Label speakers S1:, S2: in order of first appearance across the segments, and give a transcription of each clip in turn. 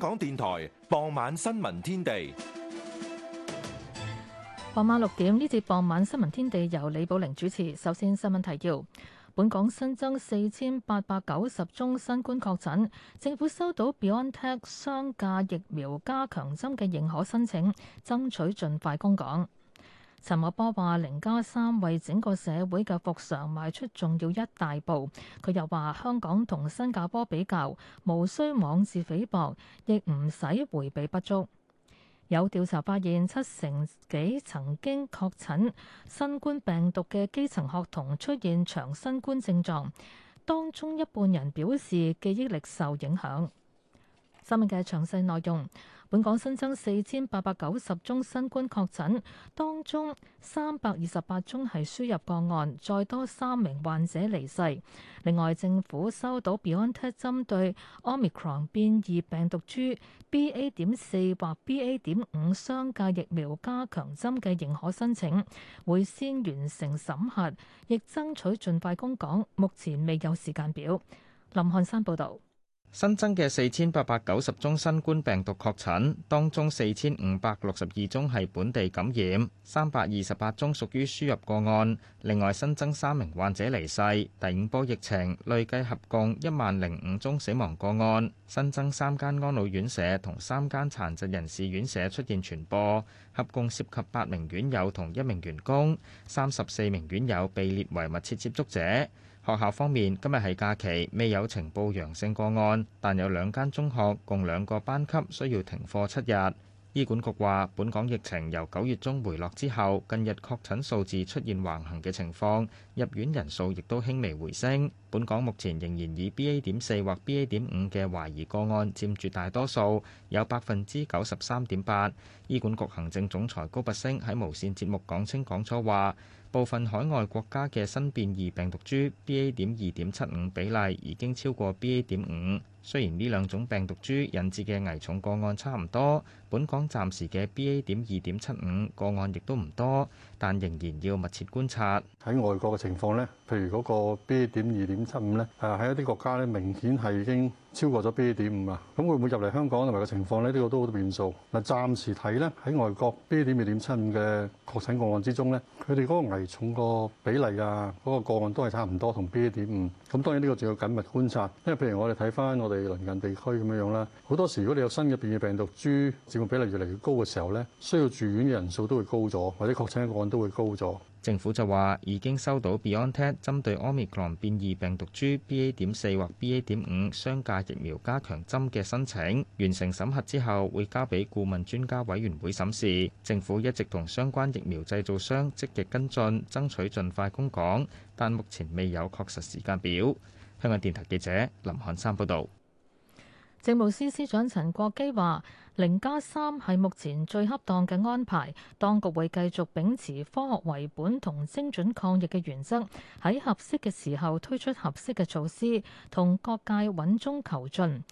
S1: 香港電台傍晚新聞天地，
S2: 傍晚六點，呢節傍晚新聞天地由李寶玲主持。首先新聞提要：本港新增四千八百九十宗新冠確診，政府收到 BioNTech 雙價疫苗加強針嘅認可申請，爭取盡快供港。陳茂波話：零加三為整個社會嘅復常邁出重要一大步。佢又話：香港同新加坡比較，無需妄自菲薄，亦唔使回避不足。有調查發現，七成幾曾經確診新冠病毒嘅基層學童出現長新冠症狀，當中一半人表示記憶力受影響。新聞嘅詳細內容。本港新增四千八百九十宗新冠確診，當中三百二十八宗係輸入個案，再多三名患者離世。另外，政府收到 Biontech 針對 Omicron 變異病毒株 BA. 點四或 BA. 點五雙價疫苗加強針嘅認可申請，會先完成審核，亦爭取盡快供港。目前未有時間表。林漢山報道。
S3: 新增嘅四千八百九十宗新冠病毒確診，當中四千五百六十二宗係本地感染，三百二十八宗屬於輸入個案。另外新增三名患者離世。第五波疫情累計合共一萬零五宗死亡個案。新增三間安老院舍同三間殘疾人士院舍出現傳播，合共涉及八名院友同一名員工，三十四名院友被列為密切接觸者。學校方面，今日係假期，未有呈報陽性個案，但有兩間中學共兩個班級需要停課七日。醫管局話：本港疫情由九月中回落之後，近日確診數字出現橫行嘅情況，入院人數亦都輕微回升。本港目前仍然以 BA. 點四或 BA. 點五嘅懷疑個案佔絕大多數有，有百分之九十三點八。醫管局行政總裁高拔陞喺無線節目講清講楚話，部分海外國家嘅新變異病毒株 BA. 點二點七五比例已經超過 BA. 點五。雖然呢兩種病毒株引致嘅危重個案差唔多，本港暫時嘅 BA. 點二點七五個案亦都唔多。但仍然要密切觀察喺外國嘅
S4: 情況咧，譬如嗰個 BA 點二點七五咧，誒喺一啲國家咧，明顯係已經超過咗 BA 點五啦。咁會唔會入嚟香港同埋嘅情況咧？呢、這個都好多變數。嗱，暫時睇咧喺外國 BA 點二點七五嘅確診個案之中咧，佢哋嗰個危重個比例啊，嗰、那個個案都係差唔多同 BA 點五。咁當然呢個仲要緊密觀察，因為譬如我哋睇翻我哋鄰近地區咁樣樣啦，好多時如果你有新嘅變異病毒株佔嘅比例越嚟越高嘅時候咧，需要住院嘅人數都會高咗，或者確診個案。都會高咗。政府就話已經收到
S3: BioNTech 針對 Omicron 變異病毒株 BA 點四或 BA 點五雙價疫苗加強針嘅申請，完成審核之後會交俾顧問專家委員會審視。政府一直同相關疫苗製造商積極跟進，爭取盡快供港，但目前未有確實時間表。香港電台記者林漢山報道。
S2: 政務司司長陳國基話：零加三係目前最恰當嘅安排，當局會繼續秉持科學為本同精準抗疫嘅原則，喺合適嘅時候推出合適嘅措施，同各界穩中求進。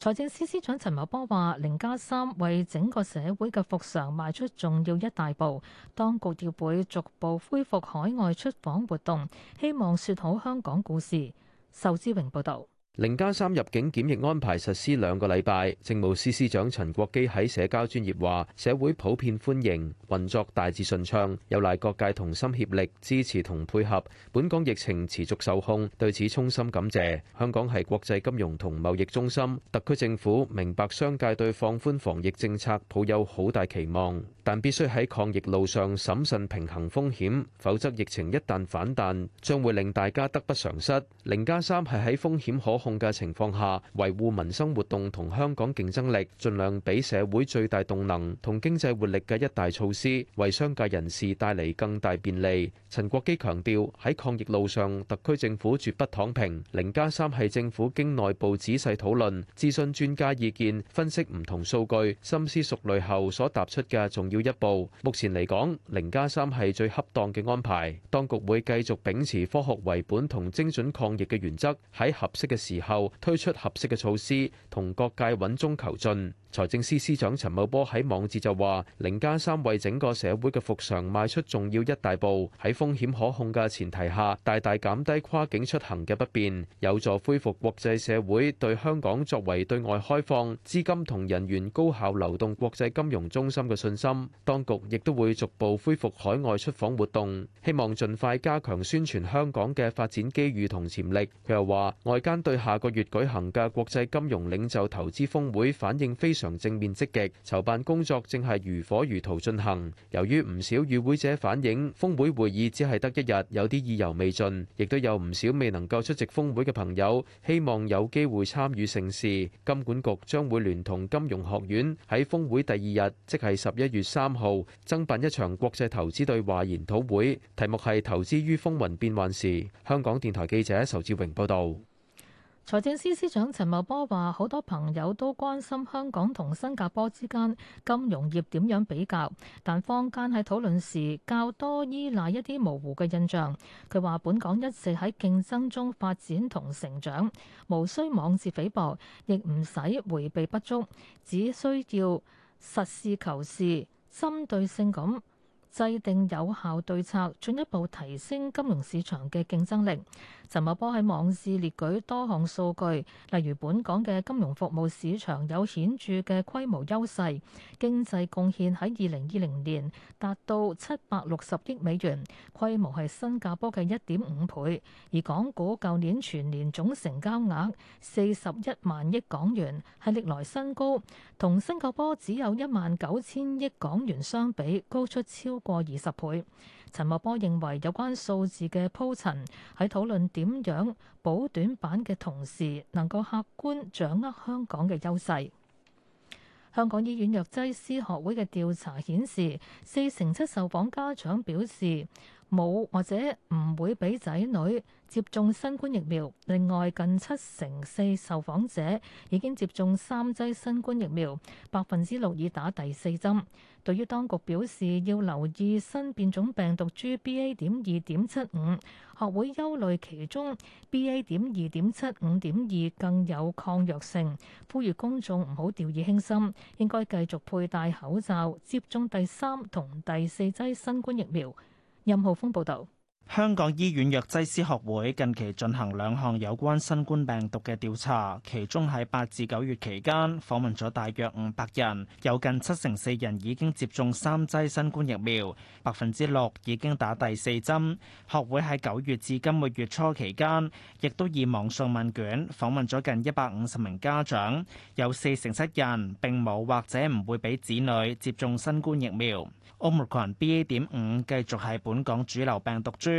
S2: 財政司司長陳茂波話：零加三為整個社會嘅復常邁出重要一大步，當局要會逐步恢復海外出訪活動，希望說好香港故事。仇志榮報道。
S5: 零加三入境檢疫安排實施兩個禮拜，政務司司長陳國基喺社交專業話：社會普遍歡迎，運作大致順暢，有賴各界同心協力支持同配合。本港疫情持續受控，對此衷心感謝。香港係國際金融同貿易中心，特區政府明白商界對放寬防疫政策抱有好大期望，但必須喺抗疫路上審慎平衡風險，否則疫情一旦反彈，將會令大家得不償失。零加三係喺風險可。控嘅情況下，維護民生活動同香港競爭力，盡量俾社會最大動能同經濟活力嘅一大措施，為商界人士帶嚟更大便利。陳國基強調喺抗疫路上，特區政府絕不躺平。零加三係政府經內部仔細討論、諮詢專家意見、分析唔同數據、深思熟慮後所踏出嘅重要一步。目前嚟講，零加三係最恰當嘅安排。當局會繼續秉持科學為本同精準抗疫嘅原則，喺合適嘅時。然後推出合適嘅措施，同各界穩中求進。財政司司長陳茂波喺網誌就話：零加三為整個社會嘅復常邁出重要一大步。喺風險可控嘅前提下，大大減低跨境出行嘅不便，有助恢復國際社會對香港作為對外開放、資金同人員高效流動國際金融中心嘅信心。當局亦都會逐步恢復海外出訪活動，希望盡快加強宣傳香港嘅發展機遇同潛力。佢又話：外間對下個月舉行嘅國際金融領袖投資峰會反應非常。從正面積極籌辦工作正係如火如荼進行。由於唔少與會者反映，峰會會議只係得一日，有啲意猶未盡，亦都有唔少未能夠出席峰會嘅朋友，希望有機會參與盛事。金管局將會聯同金融學院喺峰會第二日，即係十一月三號，增辦一場國際投資對話研討會，題目係投資於風雲變幻時。香港電台記者仇志榮報道。
S2: 財政司司長陳茂波話：好多朋友都關心香港同新加坡之間金融業點樣比較，但坊間喺討論時較多依賴一啲模糊嘅印象。佢話：本港一直喺競爭中發展同成長，無需妄自菲薄，亦唔使迴避不足，只需要實事求是、針對性咁，制定有效對策，進一步提升金融市場嘅競爭力。陳茂波喺網誌列舉多項數據，例如本港嘅金融服務市場有顯著嘅規模優勢，經濟貢獻喺二零二零年達到七百六十億美元，規模係新加坡嘅一點五倍。而港股舊年全年總成交額四十一萬億港元，係歷來新高，同新加坡只有一萬九千億港元相比，高出超過二十倍。陳茂波認為有關數字嘅鋪陳喺討論點樣補短板嘅同時，能夠客觀掌握香港嘅優勢。香港醫院藥劑師學會嘅調查顯示，四成七受訪家長表示，冇或者唔會俾仔女接種新冠疫苗。另外，近七成四受訪者已經接種三劑新冠疫苗，百分之六已打第四針。對於當局表示要留意新變種病毒株 B A 點二點七五，學會憂慮其中 B A 點二點七五點二更有抗藥性，呼籲公眾唔好掉以輕心，應該繼續佩戴口罩，接種第三同第四劑新冠疫苗。任浩峰報道。
S6: 香港醫院藥劑師學會近期進行兩項有關新冠病毒嘅調查，其中喺八至九月期間訪問咗大約五百人，有近七成四人已經接種三劑新冠疫苗，百分之六已經打第四針。學會喺九月至今個月初期間，亦都以網上問卷訪問咗近一百五十名家長，有四成七人並冇或者唔會俾子女接種新冠疫苗。Omicron BA. 點五繼續係本港主流病毒株。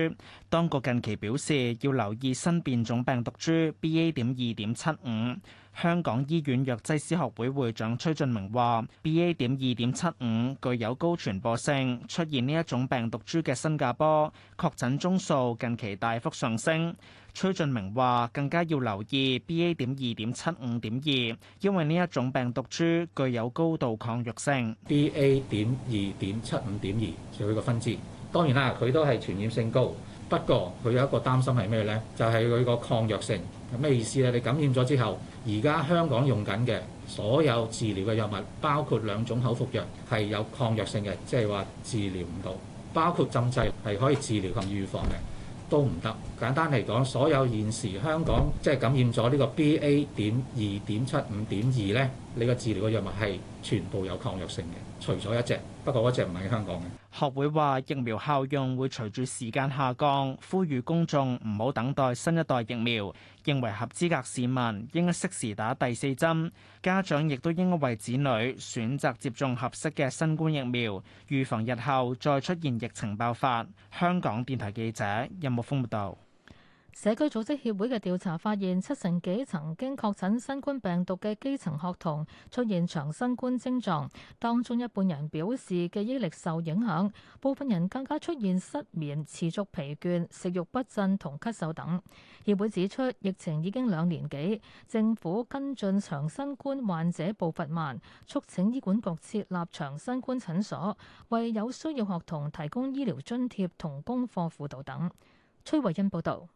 S6: 當局近期表示要留意新變種病毒株 BA. 點二點七五。香港醫院藥劑師學會會長崔俊明話，BA. 點二點七五具有高傳播性，出現呢一種病毒株嘅新加坡確診宗數近期大幅上升。崔俊明話，更加要留意 BA. 點二點七五點二，因為呢一種病毒株具有高度抗藥性。2 BA. 點二點七五點二，就有一個分支。當然啦，佢都係傳染性高，不過佢有
S3: 一個擔心係咩呢？就係佢個抗藥性咩意思呢？你感染咗之後，而家香港用緊嘅所有治療嘅藥物，包括兩種口服藥係有抗藥性嘅，即係話治療唔到，包括針劑係可以治療同預防嘅都唔得。簡單嚟講，所有現時香港即係感染咗呢個 B.A. 點二點
S6: 七五點二呢，你個治療嘅藥物係全部有抗藥性嘅，除咗一隻。不過嗰隻唔係香港嘅。學會話疫苗效用會隨住時間下降，呼籲公眾唔好等待新一代疫苗。認為合資格市民應該適時打第四針，家長亦都應該為子女選擇接種合適嘅新冠疫苗，預防日後再出現疫情爆發。香港電台記者任木峯報道。
S2: 有社區組織協會嘅調查發現，七成幾曾經確診新冠病毒嘅基層學童出現長新冠症狀，當中一半人表示記憶力受影響，部分人更加出現失眠、持續疲倦、食慾不振同咳嗽等。協會指出，疫情已經兩年幾，政府跟進長新冠患者步伐慢，促請醫管局設立長新冠診所，為有需要學童提供醫療津貼同功課輔導等。崔慧
S7: 欣報導。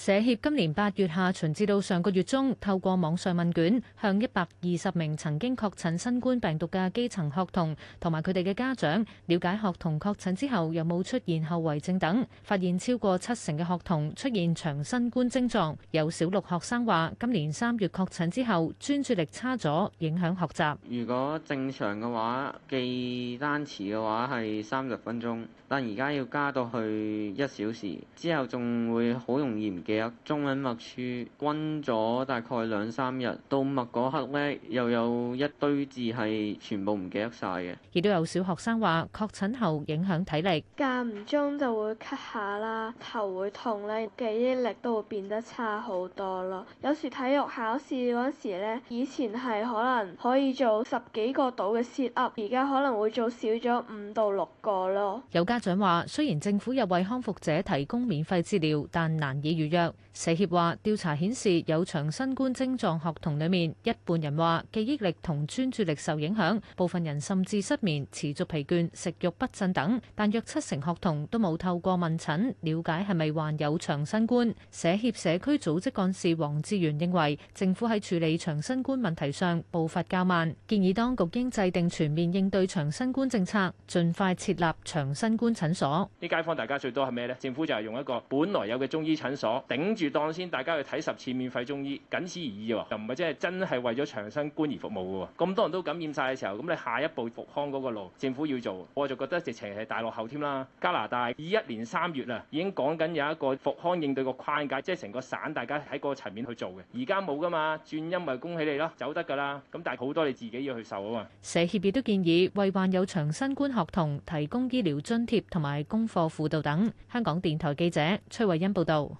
S7: 社協今年八月下旬至到上個月中，透過網上問卷向一百二十名曾經確診新冠病毒嘅基層學童同埋佢哋嘅家長，了解學童確診之後有冇出現後遺症等，發現超過七成嘅學童出現長新冠症狀。有小六學生話：今年三月確診之後，專注力差咗，影響學習。
S6: 如果正常嘅話，記單詞嘅話係三十分鐘，但而家要加到去一小時，之後仲會好容易記得中文默書溫咗大概兩三日，到默嗰刻咧，又有一堆字係全部唔記得晒嘅。
S2: 亦
S7: 都有小學生話，確診後影響體力，
S2: 間唔中就會咳下啦，頭會痛咧，記憶力都會變得差好多咯。有時體育考試嗰時咧，以前係可能可以做十幾個度嘅 sit up，而家可能會做少咗五到六個咯。
S7: 有家長話，雖然政府有為康復者提供免費資料，但難以預。約社協話，調查顯示有長新冠症狀學童裏面，一半人話記憶力同專注力受影響，部分人甚至失眠、持續疲倦、食欲不振等。但約七成學童都冇透過問診了解係咪患有長新冠。社協社區組織幹事黃志源認為，政府喺處理長新冠問題上步伐較慢，建議當局應制定全面應對長新冠政策，盡快設立長新冠診所。
S4: 啲街坊大家最多係咩呢？政府就係用一個本來有嘅中醫診所。頂住檔先，大家去睇十次免費中醫，僅此而已喎，又唔係真係真係為咗長新冠而服務喎。咁多人都感染晒嘅時候，咁你下一步復康嗰個路，政府要做，我就覺得直情係大落後添啦。加拿大二一年三月啦，已經講緊有一個復康應對個框架，即係成個省大家喺嗰個層面去做嘅。而家冇㗎嘛，轉陰咪恭喜你咯，走得㗎啦。咁但係好多你自己要去受啊嘛。
S7: 社協亦都建議為患有長新冠學童
S2: 提供醫療津貼同埋功課輔導等。香港電台記者崔慧欣報導。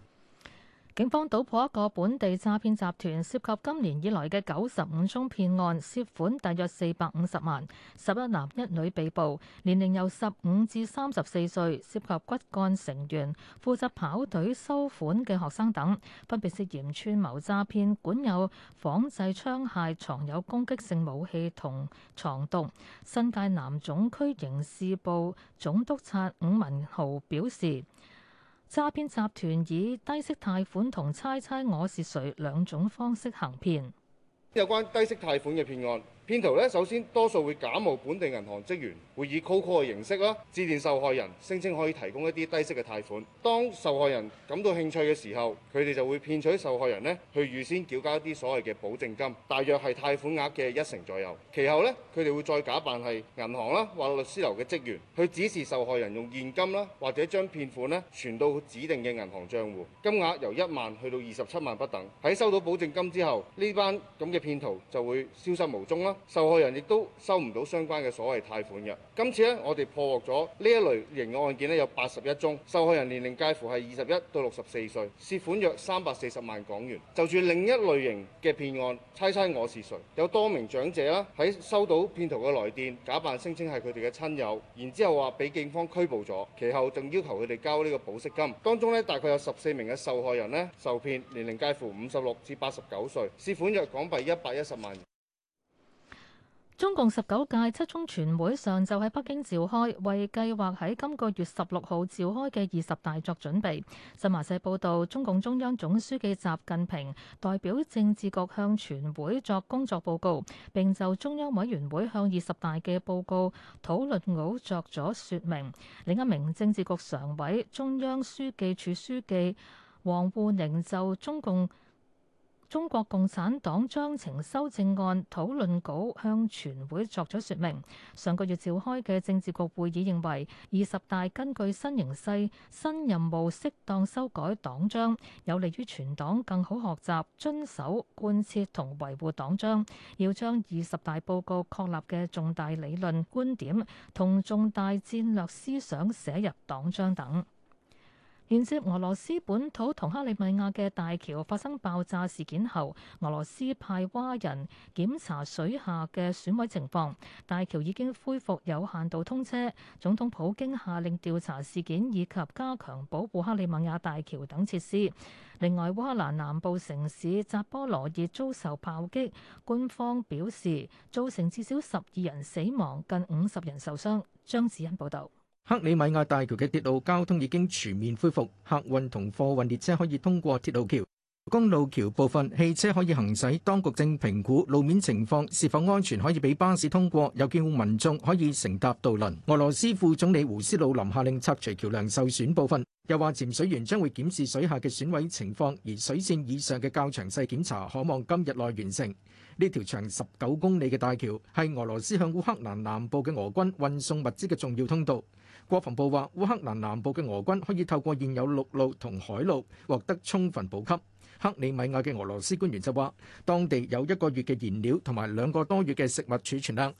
S2: 警方搗破一個本地詐騙集團，涉及今年以來嘅九十五宗騙案，涉款大約四百五十萬，十一男一女被捕，年齡由十五至三十四歲，涉及骨幹成員、負責跑隊收款嘅學生等，分別涉嫌串謀詐騙，管有仿製槍械、藏有攻擊性武器同藏毒。新界南總區刑事部總督察伍文豪表示。詐騙集團以低息貸款同猜猜我是誰兩種方式行騙。
S4: 有關低息貸款嘅騙案。騙徒呢，首先多數會假冒本地銀行職員，會以 cold call 嘅形式啦，致電受害人，聲稱可以提供一啲低息嘅貸款。當受害人感到興趣嘅時候，佢哋就會騙取受害人呢，去預先繳交一啲所謂嘅保證金，大約係貸款額嘅一成左右。其後呢，佢哋會再假扮係銀行啦，或律師樓嘅職員，去指示受害人用現金啦，或者將騙款呢存到指定嘅銀行帳戶，金額由一萬去到二十七萬不等。喺收到保證金之後，呢班咁嘅騙徒就會消失無蹤啦。受害人亦都收唔到相關嘅所謂貸款嘅。今次咧，我哋破獲咗呢一類型嘅案件呢，有八十一宗，受害人年齡介乎係二十一到六十四歲，涉款約三百四十萬港元。就住另一類型嘅騙案，猜猜我是誰？有多名長者啦，喺收到騙徒嘅來電，假扮聲稱係佢哋嘅親友，然之後話俾警方拘捕咗，其後仲要求佢哋交呢個保釋金。當中呢，大概有十四名嘅受害人咧受騙，年齡介乎五十六至八十九歲，涉款約港幣一百一十萬。
S2: 中共十九屆七中全會上晝喺北京召開，為計劃喺今個月十六號召開嘅二十大作準備。新華社報道，中共中央總書記習近平代表政治局向全會作工作報告，並就中央委員會向二十大嘅報告討論稿作咗說明。另一名政治局常委、中央書記處書記王滬寧就中共中國共產黨章程修正案討論稿向全會作咗説明。上個月召開嘅政治局會議認為，二十大根據新形勢、新任務，適當修改黨章，有利於全黨更好學習、遵守、貫徹同維護黨章。要將二十大報告確立嘅重大理論觀點同重大戰略思想寫入黨章等。連接俄羅斯本土同克里米亞嘅大橋發生爆炸事件後，俄羅斯派蛙人檢查水下嘅損毀情況。大橋已經恢復有限度通車。總統普京下令調查事件以及加強保護克里米亞大橋等設施。另外，烏克蘭南部城市扎波羅熱遭受炮擊，官方表示造成至少十二人死亡、近五十人受傷。張子欣報導。
S1: 克里米亞大橋嘅鐵路交通已經全面恢復，客運同貨運列車可以通過鐵路橋。公路橋部分汽車可以行駛。當局正評估路面情況是否安全，可以俾巴士通過，又叫民眾可以乘搭渡輪。俄羅斯副總理胡斯魯林下令拆除橋梁受損部分，又話潛水員將會檢視水下嘅損毀情況，而水線以上嘅較詳細檢查可望今日內完成。呢條長十九公里嘅大橋係俄羅斯向烏克蘭南部嘅俄軍運送物資嘅重要通道。國防部話，烏克蘭南部嘅俄軍可以透過現有陸路同海路獲得充分補給。克里米亞嘅俄羅斯官員就話，當地有一個月嘅燃料同埋兩個多月嘅食物儲存量。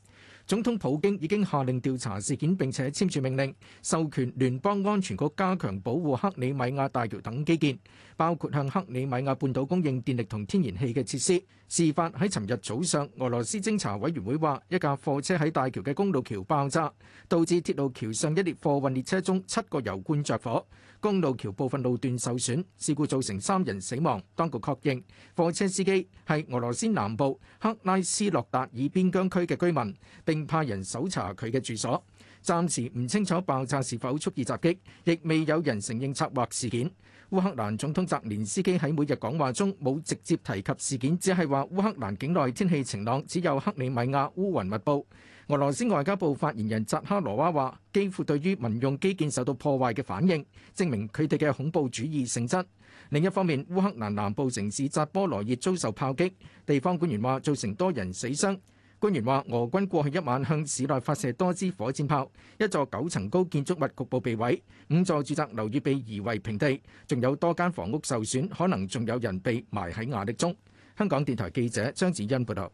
S1: 總統普京已經下令調查事件，並且簽署命令，授權聯邦安全局加強保護克里米亞大橋等基建，包括向克里米亞半島供應電力同天然氣嘅設施。事發喺尋日早上，俄羅斯偵查委員會話，一架貨車喺大橋嘅公路橋爆炸，導致鐵路橋上一列貨運列車中七個油罐着火。公路橋部分路段受損，事故造成三人死亡。當局確認貨車司機係俄羅斯南部克拉斯諾達爾邊疆區嘅居民，並派人搜查佢嘅住所。暫時唔清楚爆炸是否蓄意襲擊，亦未有人承認策劃事件。烏克蘭總統澤連斯基喺每日講話中冇直接提及事件，只係話烏克蘭境內天氣晴朗，只有克里米亞烏雲密布。俄羅斯外交部發言人扎哈羅娃話：幾乎對於民用基建受到破壞嘅反應，證明佢哋嘅恐怖主義性質。另一方面，烏克蘭南部城市扎波羅熱遭受炮擊，地方官員話造成多人死傷。官員話俄軍過去一晚向市內發射多支火箭炮，一座九層高建築物局部被毀，五座住宅樓宇被夷為平地，仲有多間房屋受損，可能仲有人被埋喺瓦礫中。香港電台記者張子欣報道。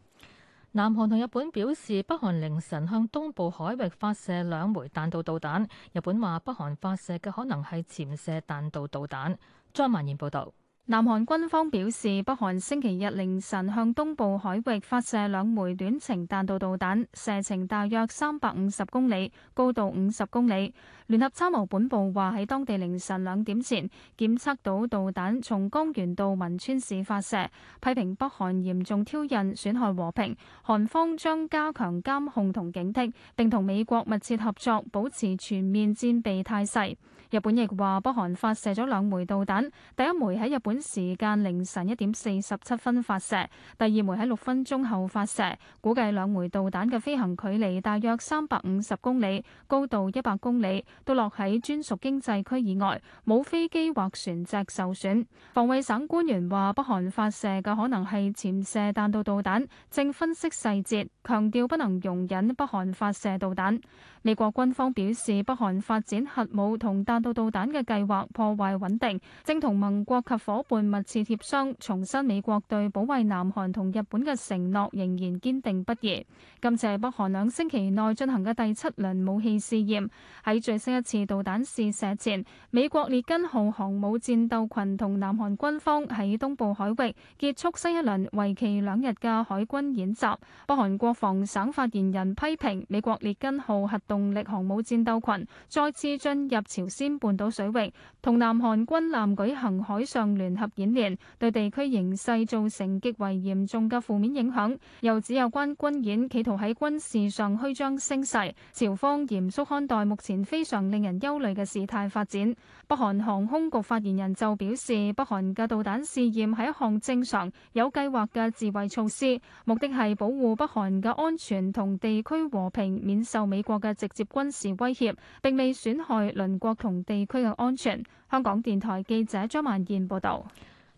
S2: 南韓同日本表示，北韓凌晨向東部海域發射兩枚彈道導彈。日本話北韓發射嘅可能係潛射彈道導彈。張曼賢報導。
S8: 南韓軍方表示，北韓星期日凌晨向東部海域發射兩枚短程彈道導彈，射程大約三百五十公里，高度五十公里。聯合參謀本部話喺當地凌晨兩點前檢測到導彈從江原道文川市發射，批評北韓嚴重挑釁，損害和平。韓方將加強監控同警惕，並同美國密切合作，保持全面戰備態勢。日本亦話，北韓發射咗兩枚導彈，第一枚喺日本時間凌晨一點四十七分發射，第二枚喺六分鐘後發射。估計兩枚導彈嘅飛行距離大約三百五十公里，高度一百公里，都落喺專屬經濟區以外，冇飛機或船隻受損。防衛省官員話，北韓發射嘅可能係潛射彈道導彈，正分析細節，強調不能容忍北韓發射導彈。美國軍方表示，北韓發展核武同彈道導彈嘅計劃破壞穩定，正同盟國及伙伴密切協商，重申美國對保衛南韓同日本嘅承諾仍然堅定不移。今次係北韓兩星期內進行嘅第七輪武器試驗，喺最新一次導彈試射前，美國列根號航母戰鬥群同南韓軍方喺東部海域結束新一輪為期兩日嘅海軍演習。北韓國防省發言人批評美國列根號核導動力航母戰鬥群再次進入朝鮮半島水域，同南韓軍艦舉行海上聯合演練，對地區形勢造成極為嚴重嘅負面影響。又指有關軍演企圖喺軍事上虛張聲勢，朝方嚴肅看待目前非常令人憂慮嘅事態發展。北韓航空局發言人就表示，北韓嘅導彈試驗係一項正常、有計劃嘅自衛措施，目的係保護北韓嘅安全同地區和平，免受美國嘅直接軍事威脅，並未損害鄰國同地區嘅安全。香港電台記者張萬燕
S2: 報導。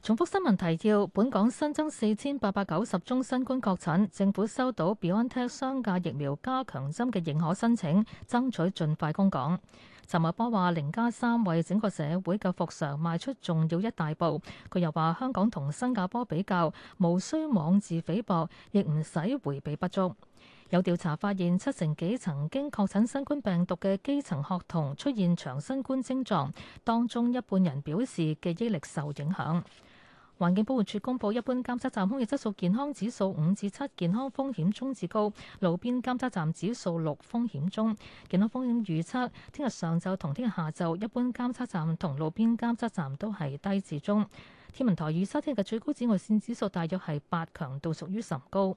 S2: 重複新聞提要：本港新增四千八百九十宗新冠確診，政府收到 BioNTech 商價疫苗加強針嘅認可申請，爭取盡快供港。陳茂波話零加三為整個社會嘅復常邁出重要一大步。佢又話香港同新加坡比較，無需妄自菲薄，亦唔使回避不足。有調查發現，七成幾曾經確診新冠病毒嘅基層學童出現長新冠症狀，當中一半人表示記憶力受影響。環境保護署公佈，一般監測站空氣質素健康指數五至七，健康風險中至高；路邊監測站指數六，風險中。健康風險預測，聽日上晝同聽日下晝，一般監測站同路邊監測站都係低至中。天文台預測，聽日嘅最高紫外線指數大約係八，強度屬於甚高。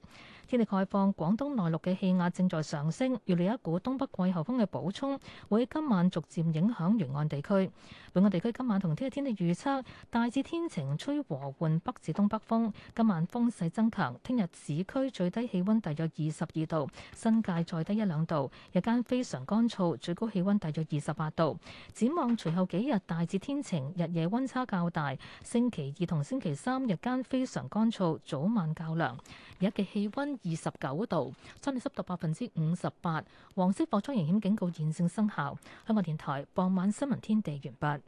S2: 天氣概況，廣東內陸嘅氣壓正在上升，預料一股東北季候風嘅補充會今晚逐漸影響沿岸地區。本港地區今晚同聽日天氣預測大致天晴，吹和緩北至東北風，今晚風勢增強。聽日市區最低氣温大約二十二度，新界再低一兩度，日間非常乾燥，最高氣温大約二十八度。展望隨後幾日大致天晴，日夜温差較大。星期二同星期三日間非常乾燥，早晚較涼。今日嘅氣温二十九度，相對濕度百分之五十八，黃色火災危險警告現正生效。香港電台傍晚新聞天地完畢。